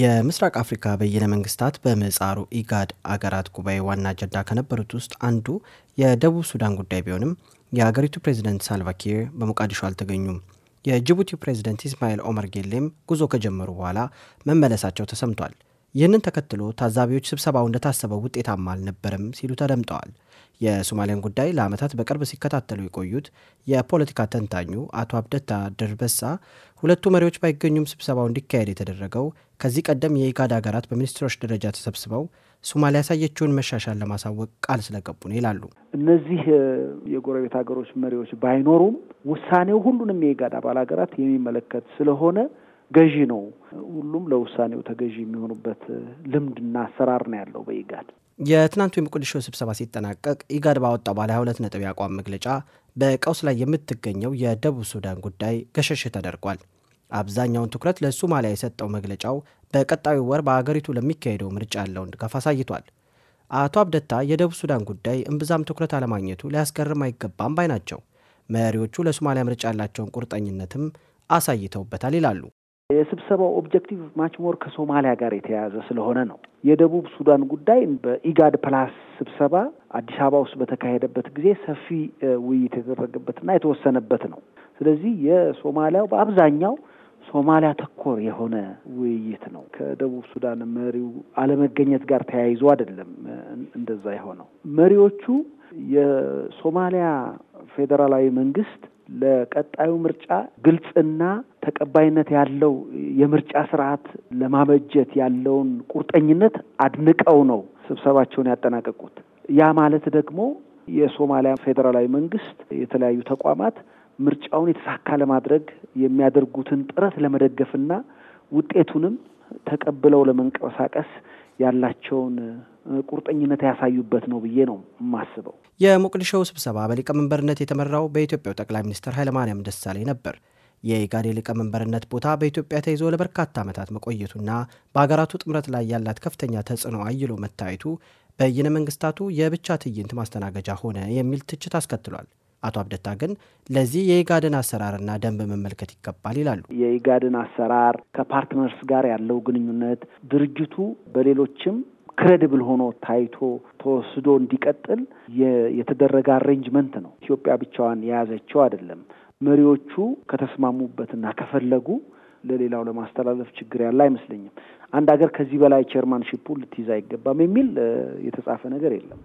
የምስራቅ አፍሪካ በየነ መንግስታት በምህጻሩ ኢጋድ አገራት ጉባኤ ዋና አጀንዳ ከነበሩት ውስጥ አንዱ የደቡብ ሱዳን ጉዳይ ቢሆንም የአገሪቱ ፕሬዚደንት ሳልቫኪር በሞቃዲሾ አልተገኙም። የጅቡቲው ፕሬዚደንት ኢስማኤል ኦመር ጌሌም ጉዞ ከጀመሩ በኋላ መመለሳቸው ተሰምቷል። ይህንን ተከትሎ ታዛቢዎች ስብሰባው እንደታሰበው ውጤታማ አልነበረም ሲሉ ተደምጠዋል። የሶማሊያን ጉዳይ ለዓመታት በቅርብ ሲከታተሉ የቆዩት የፖለቲካ ተንታኙ አቶ አብደታ ድርበሳ ሁለቱ መሪዎች ባይገኙም ስብሰባው እንዲካሄድ የተደረገው ከዚህ ቀደም የኢጋድ ሀገራት በሚኒስትሮች ደረጃ ተሰብስበው ሶማሊያ ያሳየችውን መሻሻል ለማሳወቅ ቃል ስለገቡ ነው ይላሉ። እነዚህ የጎረቤት ሀገሮች መሪዎች ባይኖሩም ውሳኔው ሁሉንም የኢጋድ አባል ሀገራት የሚመለከት ስለሆነ ገዢ ነው። ሁሉም ለውሳኔው ተገዢ የሚሆኑበት ልምድና አሰራር ነው ያለው በኢጋድ። የትናንቱ የሞቃዲሾ ስብሰባ ሲጠናቀቅ ኢጋድ ባወጣው ባለ ሁለት ነጥብ የአቋም መግለጫ በቀውስ ላይ የምትገኘው የደቡብ ሱዳን ጉዳይ ገሸሽ ተደርጓል። አብዛኛውን ትኩረት ለሶማሊያ የሰጠው መግለጫው በቀጣዩ ወር በአገሪቱ ለሚካሄደው ምርጫ ያለውን ድጋፍ አሳይቷል። አቶ አብደታ የደቡብ ሱዳን ጉዳይ እምብዛም ትኩረት አለማግኘቱ ሊያስገርም አይገባም ባይ ናቸው። መሪዎቹ ለሶማሊያ ምርጫ ያላቸውን ቁርጠኝነትም አሳይተውበታል ይላሉ። የስብሰባው ኦብጀክቲቭ ማችሞር ከሶማሊያ ጋር የተያያዘ ስለሆነ ነው። የደቡብ ሱዳን ጉዳይ በኢጋድ ፕላስ ስብሰባ አዲስ አበባ ውስጥ በተካሄደበት ጊዜ ሰፊ ውይይት የተደረገበትና የተወሰነበት ነው። ስለዚህ የሶማሊያው በአብዛኛው ሶማሊያ ተኮር የሆነ ውይይት ነው። ከደቡብ ሱዳን መሪው አለመገኘት ጋር ተያይዞ አይደለም እንደዛ የሆነው። መሪዎቹ የሶማሊያ ፌዴራላዊ መንግስት ለቀጣዩ ምርጫ ግልጽና ተቀባይነት ያለው የምርጫ ስርዓት ለማበጀት ያለውን ቁርጠኝነት አድንቀው ነው ስብሰባቸውን ያጠናቀቁት። ያ ማለት ደግሞ የሶማሊያ ፌዴራላዊ መንግስት የተለያዩ ተቋማት ምርጫውን የተሳካ ለማድረግ የሚያደርጉትን ጥረት ለመደገፍና ውጤቱንም ተቀብለው ለመንቀሳቀስ ያላቸውን ቁርጠኝነት ያሳዩበት ነው ብዬ ነው የማስበው። የሞቅዲሾው ስብሰባ በሊቀመንበርነት የተመራው በኢትዮጵያው ጠቅላይ ሚኒስትር ኃይለማርያም ደሳለኝ ነበር። የኢጋዴ ሊቀመንበርነት ቦታ በኢትዮጵያ ተይዞ ለበርካታ ዓመታት መቆየቱና በሀገራቱ ጥምረት ላይ ያላት ከፍተኛ ተጽዕኖ አይሎ መታየቱ በይነ መንግስታቱ የብቻ ትዕይንት ማስተናገጃ ሆነ የሚል ትችት አስከትሏል። አቶ አብደታ ግን ለዚህ የኢጋድን አሰራርና ደንብ መመልከት ይገባል ይላሉ። የኢጋድን አሰራር ከፓርትነርስ ጋር ያለው ግንኙነት ድርጅቱ በሌሎችም ክሬዲብል ሆኖ ታይቶ ተወስዶ እንዲቀጥል የተደረገ አሬንጅመንት ነው። ኢትዮጵያ ብቻዋን የያዘችው አይደለም። መሪዎቹ ከተስማሙበትና ከፈለጉ ለሌላው ለማስተላለፍ ችግር ያለ አይመስለኝም። አንድ ሀገር ከዚህ በላይ ቼርማንሽፑ ልትይዝ አይገባም የሚል የተጻፈ ነገር የለም።